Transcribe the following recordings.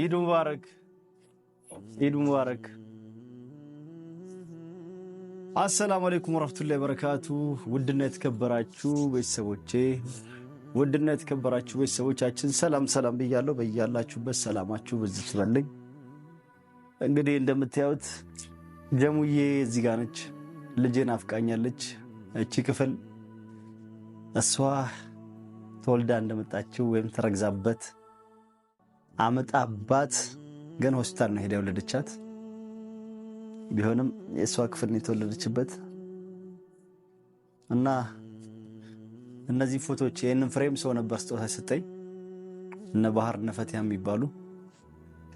ኢድ ሙባረክ፣ ኢድ ሙባረክ። አሰላሙ አለይኩም ወራህመቱላሂ ወበረካቱ። ውድና የተከበራችሁ ቤተሰቦቼ ውድና የተከበራችሁ ቤተሰቦቻችን ሰላም ሰላም ብያለሁ። በያላችሁበት ሰላማችሁ በዚህ ትበልኝ። እንግዲህ እንደምታዩት ጀሙዬ እዚህ ጋር ነች። ልጄን አፍቃኛለች። እቺ ክፍል እሷ ተወልዳ እንደመጣችው ወይም ተረግዛበት አመጣባት ግን ሆስፒታል ነው ሄዳ የወለደቻት። ቢሆንም የእሷ ክፍል ነው የተወለደችበት እና እነዚህ ፎቶዎች ይህንን ፍሬም ሰው ነበር ስጦታ ሰጠኝ። እነ ባህር እነ የሚባሉ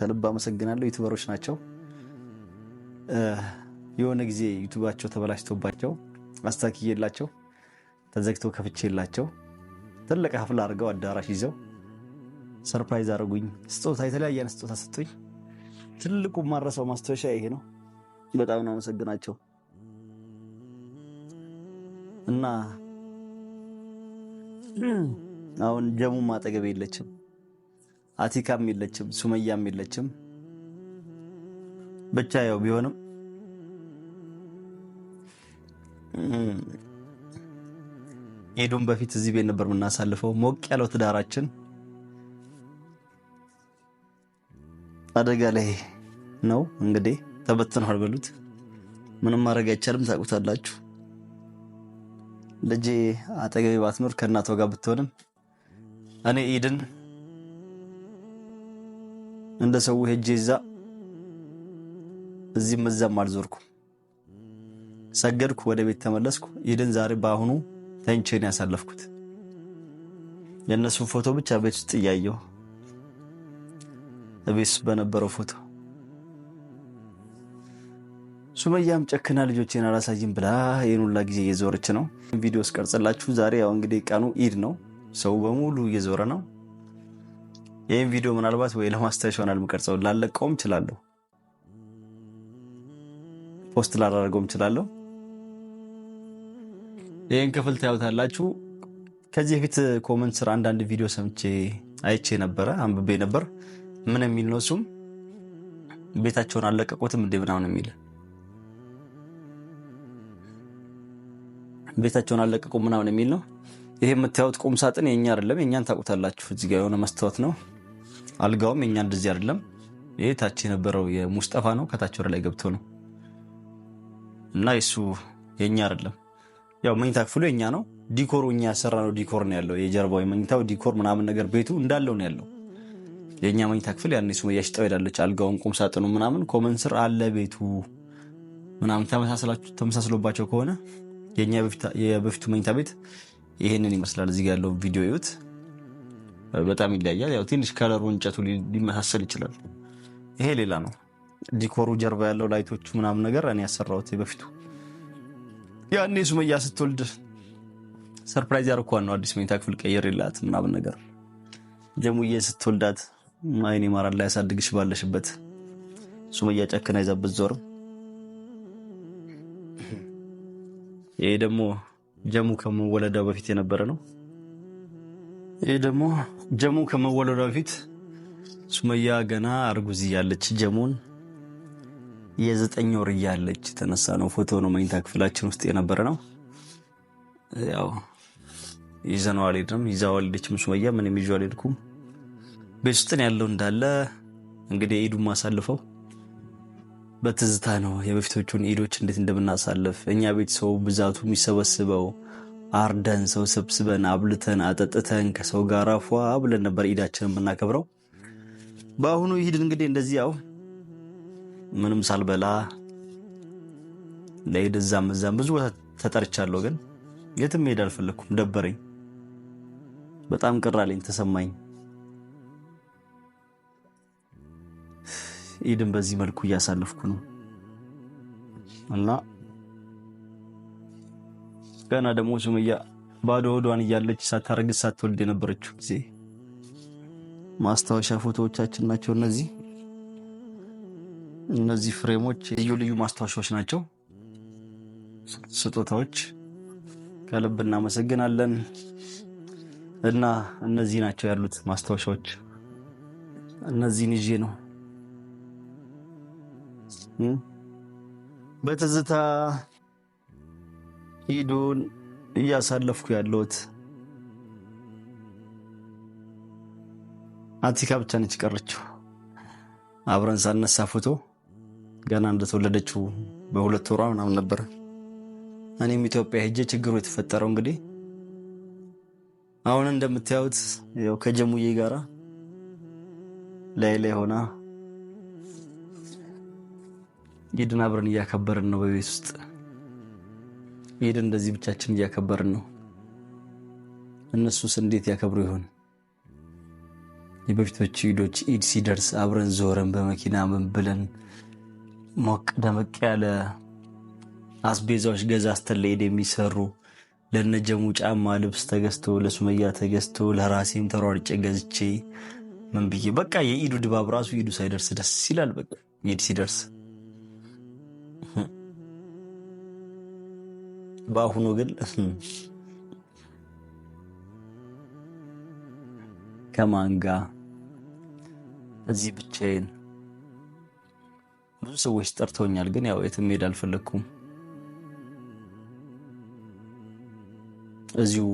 ከልብ አመሰግናለሁ። ዩቱበሮች ናቸው። የሆነ ጊዜ ዩቱባቸው ተበላሽቶባቸው አስታክዬላቸው ተዘግቶ ከፍቼላቸው ትልቅ ሀፍል አድርገው አዳራሽ ይዘው ሰርፕራይዝ አድርጉኝ። ስጦታ የተለያየ አይነት ስጦታ ሰጡኝ። ትልቁ ማረሰው ማስታወሻ ይሄ ነው። በጣም ነው አመሰግናቸው እና አሁን ጀሙም አጠገብ የለችም፣ አቲካም የለችም፣ ሱመያም የለችም። ብቻ ያው ቢሆንም ሄዱም በፊት እዚህ ቤት ነበር የምናሳልፈው ሞቅ ያለው ትዳራችን አደጋ ላይ ነው። እንግዲህ ተበትኗል በሉት፣ ምንም ማድረግ አይቻልም። ታውቁታላችሁ። ልጄ አጠገቤ ባትኖር ከእናቷ ጋር ብትሆንም እኔ ኢድን እንደ ሰው ሄጄ እዛ እዚህም እዛም አልዞርኩም። ሰገድኩ፣ ወደ ቤት ተመለስኩ። ኢድን ዛሬ በአሁኑ ተንቼን ያሳለፍኩት የእነሱን ፎቶ ብቻ ቤት ውስጥ እያየሁ ቤስ በነበረው ፎቶ ሱመያም ጨክና ልጆቼን አላሳይም ብላ ይህን ሁላ ጊዜ እየዞረች ነው። ቪዲዮ ስቀርጽላችሁ ዛሬ ያው እንግዲህ ቀኑ ኢድ ነው፣ ሰው በሙሉ እየዞረ ነው። ይህም ቪዲዮ ምናልባት ወይ ለማስታወሻ ይሆናል የምቀርጸው። ላለቀውም እችላለሁ፣ ፖስት ላላደርገውም እችላለሁ። ይህን ክፍል ታዩታላችሁ። ከዚህ በፊት ኮመንት ስር አንዳንድ ቪዲዮ ሰምቼ አይቼ ነበረ፣ አንብቤ ነበር። ምን የሚል ነው? እሱም ቤታቸውን አለቀቁትም እንዴ ምናምን የሚል ቤታቸውን አለቀቁ ምናምን የሚል ነው። ይሄ የምታዩት ቁም ሳጥን የኛ አይደለም፣ የኛን ታውቁታላችሁ። እዚህ ጋር የሆነ መስታወት ነው። አልጋውም የኛ እንደዚህ አይደለም። ይሄ ታች የነበረው የሙስጠፋ ነው። ከታች ወደ ላይ ገብቶ ነው እና የሱ የኛ አይደለም። ያው መኝታ ክፍሉ የኛ ነው። ዲኮሩ እኛ ያሰራ ነው። ዲኮር ነው ያለው የጀርባው የመኝታው ዲኮር ምናምን ነገር ቤቱ እንዳለው ነው ያለው የእኛ መኝታ ክፍል ያ ሱመያ ሽጣው ሄዳለች። አልጋውን፣ ቁም ሳጥኑ ምናምን ኮመን ስር አለ ቤቱ ምናምን ተመሳስሎባቸው ከሆነ የእኛ የበፊቱ መኝታ ቤት ይሄንን ይመስላል። እዚህ ያለው ቪዲዮ ይዩት። በጣም ይለያያል። ያው ትንሽ ከለሩ እንጨቱ ሊመሳሰል ይችላል። ይሄ ሌላ ነው። ዲኮሩ ጀርባ ያለው ላይቶቹ ምናምን ነገር እኔ ያሰራሁት በፊቱ ያኔ ሱመያ ስትወልድ ሰርፕራይዝ ያርኳን ነው አዲስ መኝታ ክፍል ቀየር ይላት ምናምን ነገር ጀሙዬ ስትወልዳት አይን ይማራል ላይ ያሳድግሽ ባለሽበት ሱመያ ጨክና ይዛ ዞር። ይሄ ደግሞ ጀሙ ከመወለዷ በፊት የነበረ ነው። ይሄ ደግሞ ጀሙ ከመወለዷ በፊት ሱመያ ገና አርጉዝ እያለች ጀሙን የዘጠኝ ወር እያለች የተነሳ ነው ፎቶ ነው። መኝታ ክፍላችን ውስጥ የነበረ ነው። ያው ይዘነው አልሄድንም። ይዛ ወለደችም ሱመያ ምንም ይዤው አልሄድኩም። ቤት ውስጥን ያለው እንዳለ እንግዲህ ኢዱ ማሳልፈው በትዝታ ነው። የበፊቶቹን ኢዶች እንዴት እንደምናሳልፍ እኛ ቤት ሰው ብዛቱ የሚሰበስበው አርደን ሰው ሰብስበን አብልተን አጠጥተን ከሰው ጋር ፏ ብለን ነበር ኢዳችን የምናከብረው። በአሁኑ ይሂድ እንግዲህ እንደዚህ ያው ምንም ሳልበላ ለኢድ እዛም እዛም ብዙ ቦታ ተጠርቻለሁ፣ ግን የትም መሄድ አልፈለግኩም። ደበረኝ፣ በጣም ቅር ተሰማኝ። ኢድን በዚህ መልኩ እያሳለፍኩ ነው እና ገና ደግሞ ሱመያ ባዶ ወዷን እያለች ሳታረግዝ ሳትወልድ የነበረችው ጊዜ ማስታወሻ ፎቶዎቻችን ናቸው እነዚህ። እነዚህ ፍሬሞች ልዩ ልዩ ማስታወሻዎች ናቸው፣ ስጦታዎች። ከልብ እናመሰግናለን። እና እነዚህ ናቸው ያሉት ማስታወሻዎች። እነዚህን ይዤ ነው በትዝታ ሂዱን እያሳለፍኩ ያለሁት አቲካ ብቻ ነች ቀረችው። አብረን ሳነሳ ፎቶ ገና እንደተወለደችው በሁለት ወሯ ምናምን ነበር። እኔም ኢትዮጵያ ሄጄ ችግሩ የተፈጠረው እንግዲህ አሁን እንደምታዩት ያው ከጀሙዬ ጋራ ላይ ላይ ሆና ኢድን አብረን እያከበርን ነው። በቤት ውስጥ ኢድን እንደዚህ ብቻችን እያከበርን ነው። እነሱስ እንዴት ያከብሩ ይሆን? የበፊቶቹ ኢዶች ኢድ ሲደርስ አብረን ዞረን በመኪና ምን ብለን ሞቅ ደመቅ ያለ አስቤዛዎች ገዝተን ለኢድ የሚሰሩ ለነጀሙ ጫማ ልብስ ተገዝቶ ለሱመያ ተገዝቶ ለራሴም ተሯርጭ ገዝቼ ምን ብዬ በቃ የኢዱ ድባብ ራሱ ኢዱ ሳይደርስ ደስ ይላል። በቃ ኢድ ሲደርስ በአሁኑ ግን ከማን እዚህ ብቻዬን ብዙ ሰዎች ጠርተውኛል፣ ግን ያው የትም ሄድ አልፈለግኩም። እዚሁ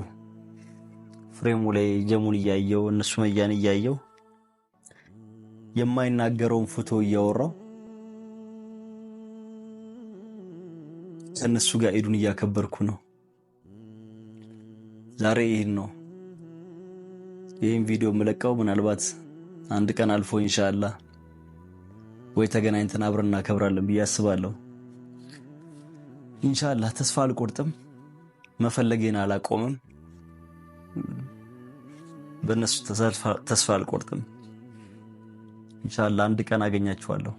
ፍሬሙ ላይ ጀሙን እያየው እነሱ መያን እያየው የማይናገረውን ፎቶ እያወራው ከእነሱ ጋር ኢዱን እያከበርኩ ነው። ዛሬ ይህን ነው ይህም ቪዲዮ የምለቀው። ምናልባት አንድ ቀን አልፎ እንሻላ ወይ ተገናኝተን አብረን እናከብራለን ብዬ አስባለሁ። እንሻላ ተስፋ አልቆርጥም፣ መፈለጌን አላቆምም። በእነሱ ተስፋ አልቆርጥም። እንሻላ አንድ ቀን አገኛችኋለሁ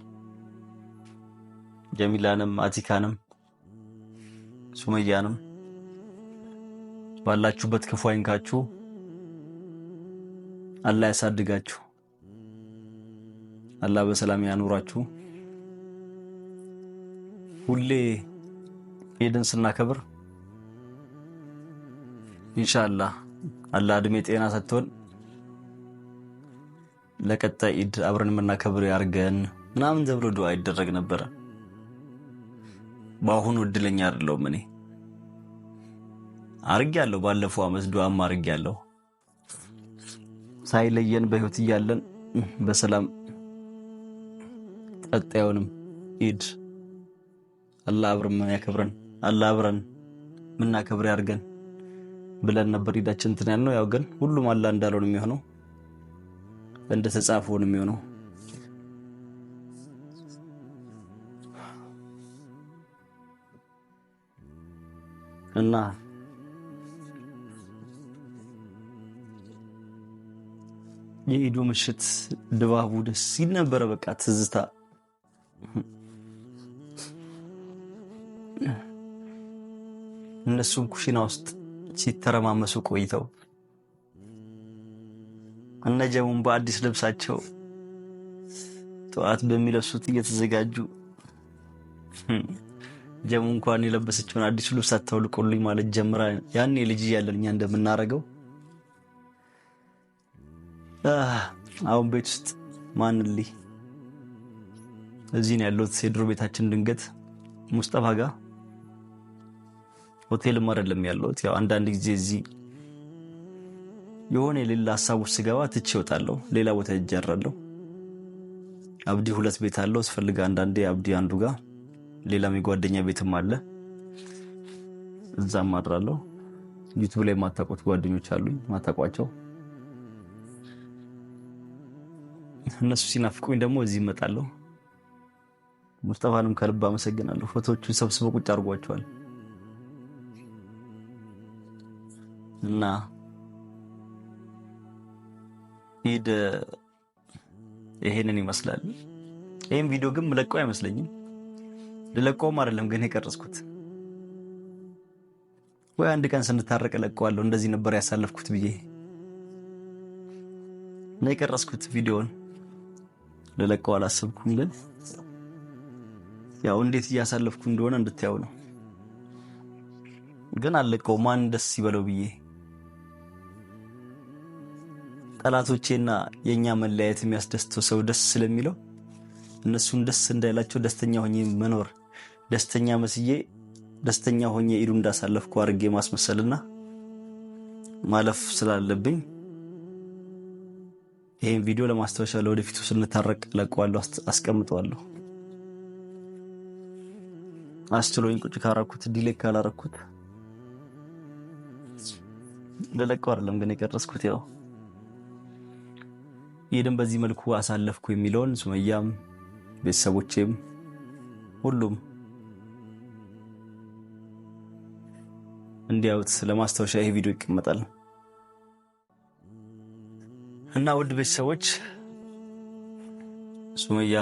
ጀሚላንም አቲካንም ሱመያንም ባላችሁበት ክፉ አይንካችሁ፣ አላህ ያሳድጋችሁ፣ አላህ በሰላም ያኑራችሁ። ሁሌ ኢድን ስናከብር ኢንሻአላህ አላህ እድሜ ጤና ሰጥቶን ለቀጣይ ኢድ አብረን የምናከብር ያርገን ምናምን ተብሎ ዱዓ ይደረግ ነበረ። በአሁኑ እድለኛ አይደለሁም። እኔ አርጌያለሁ፣ ባለፈው አመት ዱዓም አርጌያለሁ። ሳይለየን በህይወት እያለን በሰላም ቀጣዩንም ኢድ አላህ አብረን ያከብረን፣ አላህ አብረን ምናከብር ያርገን ብለን ነበር ኢዳችን እንትን ያልነው። ያው ግን ሁሉም አላህ እንዳለው ነው የሚሆነው፣ እንደተጻፈው ነው የሚሆነው። እና የኢዱ ምሽት ድባቡ ደስ ሲል ነበረ። በቃ ትዝታ እነሱም ኩሽና ውስጥ ሲተረማመሱ ቆይተው እነጀሙን በአዲስ ልብሳቸው ጠዋት በሚለብሱት እየተዘጋጁ ጀሙ እንኳን የለበሰችውን አዲሱ ልብስ አታውልቁልኝ ማለት ጀምራ ያኔ ልጅ እያለን እኛ እንደምናረገው አሁን ቤት ውስጥ ማንልህ እዚህ ነው ያለሁት። የድሮ ቤታችን ድንገት ሙስጠፋ ጋር ሆቴልም አይደለም ያለሁት። ያው አንዳንድ ጊዜ እዚህ የሆነ የሌላ ሀሳብ ውስጥ ስገባ ትቼ እወጣለሁ፣ ሌላ ቦታ እጀራለሁ። አብዲ ሁለት ቤት አለው። አስፈልግ አንዳንዴ አብዲ አንዱ ጋር ሌላም የጓደኛ ቤትም አለ፣ እዛም አድራለሁ። ዩቱብ ላይ የማታውቁት ጓደኞች አሉኝ፣ ማታውቋቸው እነሱ ሲናፍቁኝ ደግሞ እዚህ እመጣለሁ። ሙስጠፋንም ከልብ አመሰግናለሁ። ፎቶዎቹን ሰብስበው ቁጭ አድርጓቸዋል እና ሂድ ይሄንን ይመስላል። ይህም ቪዲዮ ግን ምለቀው አይመስለኝም። ልለቀውም አይደለም ግን የቀረጽኩት ወይ አንድ ቀን ስንታረቅ እለቀዋለሁ እንደዚህ ነበር ያሳለፍኩት ብዬ ነው የቀረጽኩት ቪዲዮን። ልለቀው አላሰብኩም፣ ግን ያው እንዴት እያሳለፍኩ እንደሆነ እንድታየው ነው። ግን አለቀው ማን ደስ ይበለው ብዬ ጠላቶቼና የኛ መለያየት የሚያስደስተው ሰው ደስ ስለሚለው እነሱን ደስ እንዳይላቸው ደስተኛ ሆኜ መኖር ደስተኛ መስዬ ደስተኛ ሆኜ ኢዱ እንዳሳለፍኩ አድርጌ ማስመሰልና ማለፍ ስላለብኝ ይህን ቪዲዮ ለማስታወሻ ለወደፊቱ ስንታረቅ ለቀዋለሁ፣ አስቀምጠዋለሁ። አስችሎኝ ቁጭ ካረኩት ዲሌክ ካላረኩት ለለቀው አይደለም ግን የቀረስኩት ያው ይህን በዚህ መልኩ አሳለፍኩ የሚለውን ሱመያም ቤተሰቦቼም ሁሉም እንዲያዩት ለማስታወሻ ይሄ ቪዲዮ ይቀመጣል እና ውድ ቤተሰቦች ሱመያ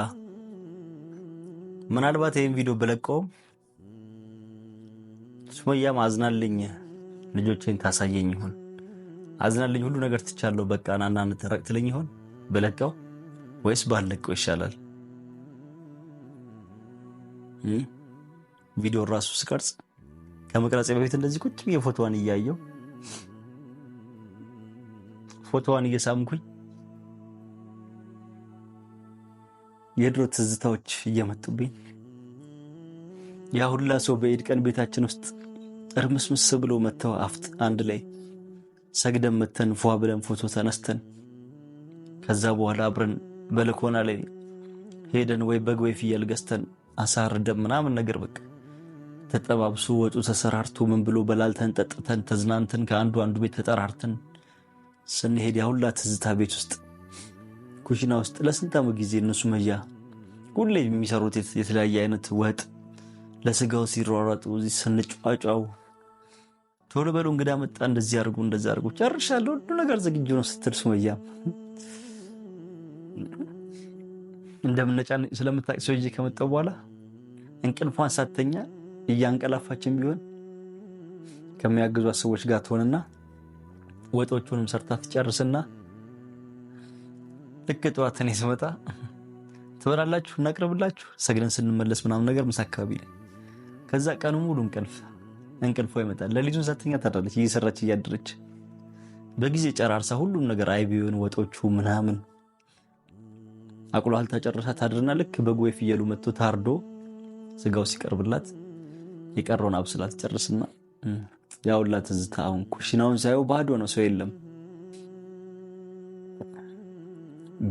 ምናልባት ይህን ቪዲዮ ብለቀውም ሱመያም አዝናልኝ ልጆቼን ታሳየኝ ይሆን አዝናልኝ ሁሉ ነገር ትቻለሁ በቃ ናና እንታረቅ ትለኝ ይሆን ብለቀው ወይስ ባለቀው ይሻላል? ቪዲዮ ራሱ ስቀርጽ ከመቅረጽ በፊት እንደዚህ ቁጭ ብዬ ፎቶዋን እያየው ፎቶዋን እየሳምኩኝ የድሮ ትዝታዎች እየመጡብኝ ያ ሁላ ሰው በኢድ ቀን ቤታችን ውስጥ እርምስምስ ብሎ መጥተው አፍጥ አንድ ላይ ሰግደን መተን ፏ ብለን ፎቶ ተነስተን ከዛ በኋላ አብረን በልኮና ላይ ሄደን ወይ በግ ወይ ፍየል ገዝተን አሳርደን ምናምን ነገር በቃ ተጠባብሶ ወጡ ተሰራርቶ ምን ብሎ በላልተን ጠጥተን ተዝናንተን ከአንዱ አንዱ ቤት ተጠራርተን ስንሄድ ያሁላ ትዝታ ቤት ውስጥ ኩሽና ውስጥ ለስንት ዓመት ጊዜ እነሱ መያ ሁሌ የሚሰሩት የተለያየ አይነት ወጥ ለስጋው ሲሯሯጡ ስንጫጫው ቶሎ በሎ እንግዳ መጣ፣ እንደዚህ አድርጉ፣ እንደዚህ አድርጉ፣ ጨርሻለሁ፣ ሁሉ ነገር ዝግጁ ነው ስትል ሱመያ እንደምነጫ ስለምታውቅ ሰውዬ ከመጣው በኋላ እንቅልፏን ሳተኛ እያንቀላፋችን ቢሆን ከሚያግዟት ሰዎች ጋር ትሆንና ወጦቹንም ሰርታ ትጨርስና ልክ ጠዋት እኔ ስመጣ ትበላላችሁ፣ እናቅርብላችሁ ሰግደን ስንመለስ ምናምን ነገር ምሳ አካባቢ ላይ ከዛ ቀኑ ሙሉ እንቅልፍ እንቅልፎ ይመጣል። ለልጁን ሰተኛ ታድራለች፣ እየሰራች እያደረች በጊዜ ጨራርሳ ሁሉም ነገር አይቢውን ወጦቹ ምናምን አቁሏል። ታጨርሳ ታድርና ልክ በጎ የፍየሉ መጥቶ ታርዶ ስጋው ሲቀርብላት የቀረውን አብስላት ጨርስና ያውላ ትዝታ አሁን ኩሽናውን ሳየው ባዶ ነው፣ ሰው የለም።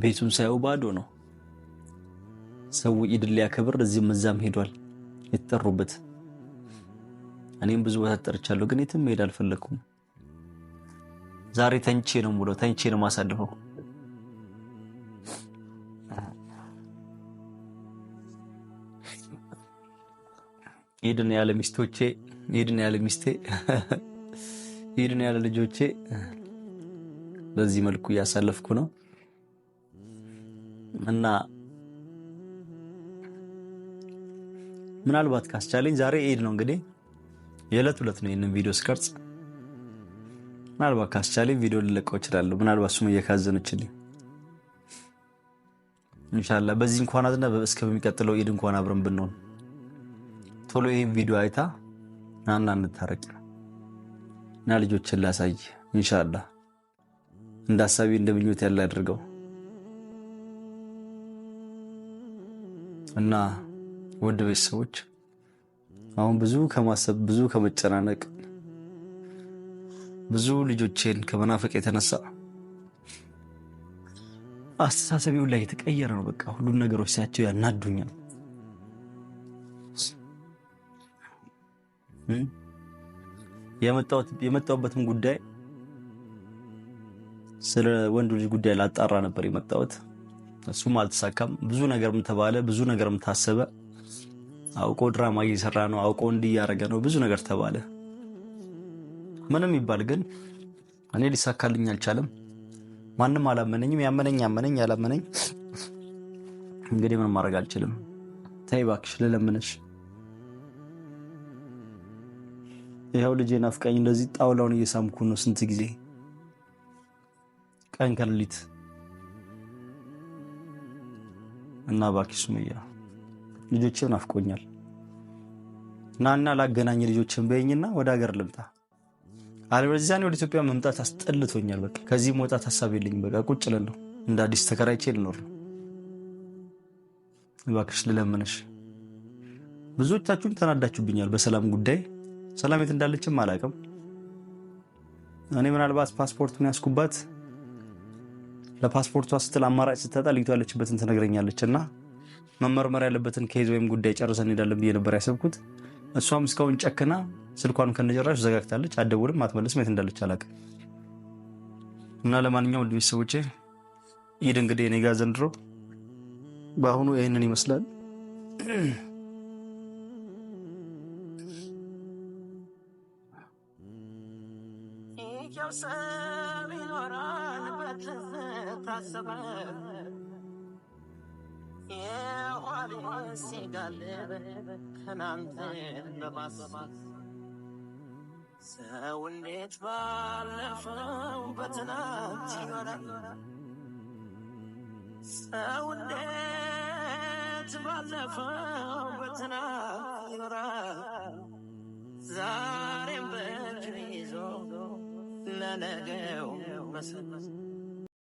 ቤቱን ሳየው ባዶ ነው፣ ሰው ኢድ ሊያከብር እዚህም እዛም ሄዷል የተጠሩበት። እኔም ብዙ ቦታ ተጠርቻለሁ፣ ግን የትም መሄድ አልፈለግኩም። ዛሬ ተንቼ ነው ሙለው ተንቼ ነው ማሳልፈው። ይድን ያለ ሚስቶቼ፣ ይድን ያለ ሚስቴ፣ ይድን ያለ ልጆቼ። በዚህ መልኩ እያሳለፍኩ ነው እና ምናልባት ካስቻለኝ ዛሬ ኤድ ነው እንግዲህ የዕለት ሁለት ነው ይህንን ቪዲዮ ስቀርጽ ምናልባት ካስቻለኝ ቪዲዮ ልለቀው እችላለሁ። ምናልባት እሱም እየካዘነችልኝ እንሻላ በዚህ እንኳን አዝና እስከ በሚቀጥለው ኢድ እንኳን አብረን ብንሆን ቶሎ ይህን ቪዲዮ አይታ ናና እንታረቅ እና ልጆችን ላሳይ እንሻላ እንደ ሀሳቢ እንደ ምኞት ያለ አድርገው እና ወደ ቤተሰቦች አሁን ብዙ ከማሰብ ብዙ ከመጨናነቅ ብዙ ልጆቼን ከመናፈቅ የተነሳ አስተሳሰቢውን ላይ የተቀየረ ነው። በቃ ሁሉም ነገሮች ሲያቸው ያናዱኛል። የመጣሁበትም ጉዳይ ስለ ወንዱ ልጅ ጉዳይ ላጣራ ነበር የመጣሁት። እሱም አልተሳካም። ብዙ ነገርም ተባለ፣ ብዙ ነገርም ታሰበ። አውቆ ድራማ እየሰራ ነው፣ አውቆ እንዲህ እያደረገ ነው፣ ብዙ ነገር ተባለ። ምንም ይባል ግን እኔ ሊሳካልኝ አልቻለም። ማንም አላመነኝም። ያመነኝ ያመነኝ፣ ያላመነኝ እንግዲህ ምንም ማድረግ አልችልም። ተይ እባክሽ ይኸው ልጄ ናፍቃኝ እንደዚህ ጣውላውን እየሳምኩ ነው ስንት ጊዜ ቀን ከሌሊት እና እባክሽ ሱመያ ልጆቼ ናፍቆኛል ናና ላገናኝ ልጆችን በይኝና ወደ ሀገር ልምጣ አለበለዚያ ወደ ኢትዮጵያ መምጣት አስጠልቶኛል በቃ ከዚህ መውጣት ሀሳብ የለኝ በቃ ቁጭ ልለው እንደ አዲስ ተከራይቼ ልኖር ነው እባክሽ ልለምንሽ ብዙዎቻችሁም ተናዳችሁብኛል በሰላም ጉዳይ ሰላም የት እንዳለችም አላውቅም። እኔ ምናልባት ፓስፖርቱን ያስኩባት ለፓስፖርቷ ስትል አማራጭ ስታጣ ልጅቷ ያለችበትን ትነግረኛለች እና መመርመር ያለበትን ከይዝ ወይም ጉዳይ ጨርሰን እንሄዳለን ብዬ ነበር ያሰብኩት። እሷም እስካሁን ጨክና ስልኳን ከነጨራሽ ዘጋግታለች። አደውልም አትመለስም የት እንዳለች አላውቅም። እና ለማንኛውም ውድ ቤተሰቦቼ ይህ እንግዲህ እኔ ጋ ዘንድሮ በአሁኑ ይህንን ይመስላል። ሰብ ይኖራል በተታሰበ የኋል ሲጋለበ ትናንትን በማሰባት ሰው እንዴት ባለፈው በትናንት ይኖራል። ሰው እንዴት ባለፈው በትናንት ይኖራል። ዛሬም በእጅ ይዞ ለነገው መሰረት